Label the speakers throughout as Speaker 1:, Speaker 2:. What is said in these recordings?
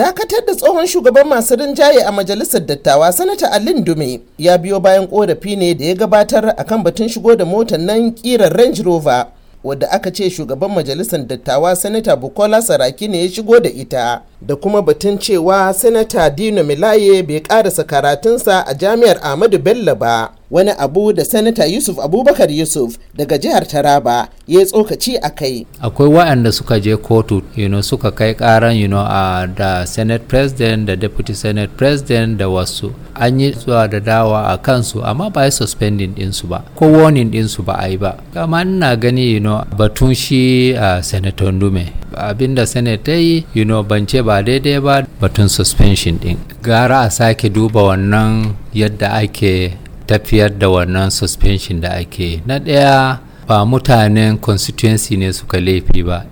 Speaker 1: dakatar da tsohon shugaban masu rinjaye a majalisar dattawa sanata alin dume ya biyo bayan korafi ne da ya gabatar a kan batun shigo da motar nan kirar range rover wadda aka ce shugaban majalisar dattawa sanata bukola saraki ne ya shigo da ita da kuma batun cewa sanata dino milaye bai karasa karatunsa a jami'ar ahmadu bello ba wani abu da sanata yusuf abubakar yusuf daga jihar taraba ya yi tsokaci a kai
Speaker 2: akwai wa'anda suka je kotu you know, suka kai karan you know, uh, da senate president da deputy senate president da wasu an yi zuwa da dawa a kansu amma ba yi suspending ɗinsu ba ko warning ɗinsu ba a yi ba kama ina gani you know, batun shi uh, senator ndume abinda senate ta yi ban ce ba ba daidai ba batun suspension din gara a sake duba wannan yadda ake tafiyar da wannan suspension da ake na ɗaya ba mutanen constituency ne suka laifi ba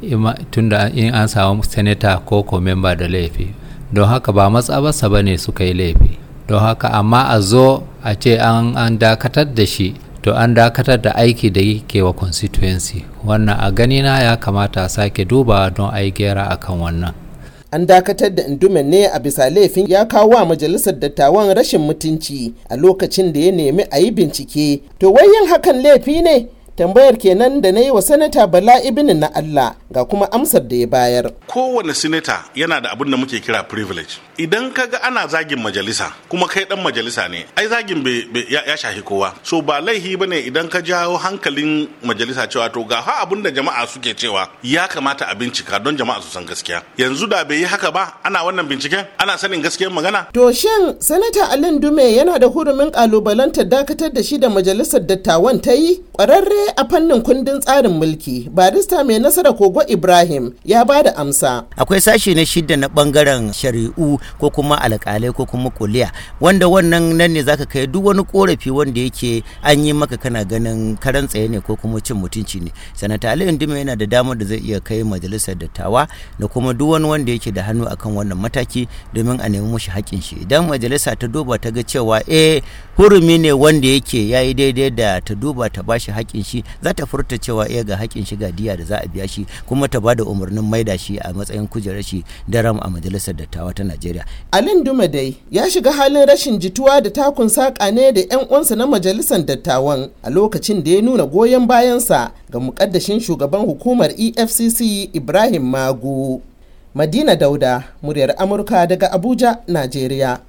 Speaker 2: tunda in an samu senator ko ko member da laifi don haka ba matsabarsa ba ne suka yi laifi don haka amma a zo a ce an dakatar da shi to an dakatar da aiki da yake wa constituency wannan a ganina ya kamata a sake duba don a yi gera akan wannan
Speaker 1: an dakatar da induman ne a bisa laifin ya kawo wa majalisar dattawan rashin mutunci a lokacin da ya nemi a yi bincike to wai yin hakan laifi ne tambayar kenan da na yi wa sanata bala ibini na allah ga kuma amsar da ya bayar
Speaker 3: kowane sinata yana da abin da muke kira privilege idan ka ga ana zagin majalisa kuma kai dan majalisa ne ai zagin ya, shahi kowa so ba laihi ba ne idan ka jawo hankalin majalisa cewa to ga ha abin da jama'a suke cewa ya kamata a bincika don jama'a su san gaskiya yanzu da bai yi haka ba ana wannan binciken ana sanin gaskiyar magana
Speaker 1: to shin sanata alin dume yana da hurumin kalubalantar dakatar da shi da majalisar dattawan ta yi kwararre a fannin kundin tsarin mulki barista mai nasara kogo ibrahim ya ba da amsa
Speaker 4: akwai sashi na shidda na bangaren shari'u ko kuma alkalai ko kuma kuliya wanda wannan nan ne zaka kai duk wani korafi wanda yake an yi maka kana ganin karan tsaye ne ko kuma cin mutunci ne sanata ali indima yana da damar da zai iya kai majalisar dattawa da kuma duk wani wanda yake da hannu akan wannan mataki domin a nemi mushi haƙƙin shi idan majalisa ta duba ta ga cewa eh hurumi ne wanda yake yayi daidai da ta duba ta bashi haƙƙin shi shi za ta furta cewa iya eh, ga haƙƙin shiga diya da za a biya shi kuma ta ba da umarnin maida shi a matsayin kujerar shi daram a majalisar dattawa ta Najeriya.
Speaker 1: Alin Dume dai ya shiga halin rashin jituwa da takun saƙa ne da 'yan uwansa na majalisar dattawan a lokacin da ya nuna goyon bayansa ga muƙaddashin shugaban hukumar EFCC Ibrahim Magu. Madina Dauda, muryar Amurka daga Abuja, Najeriya.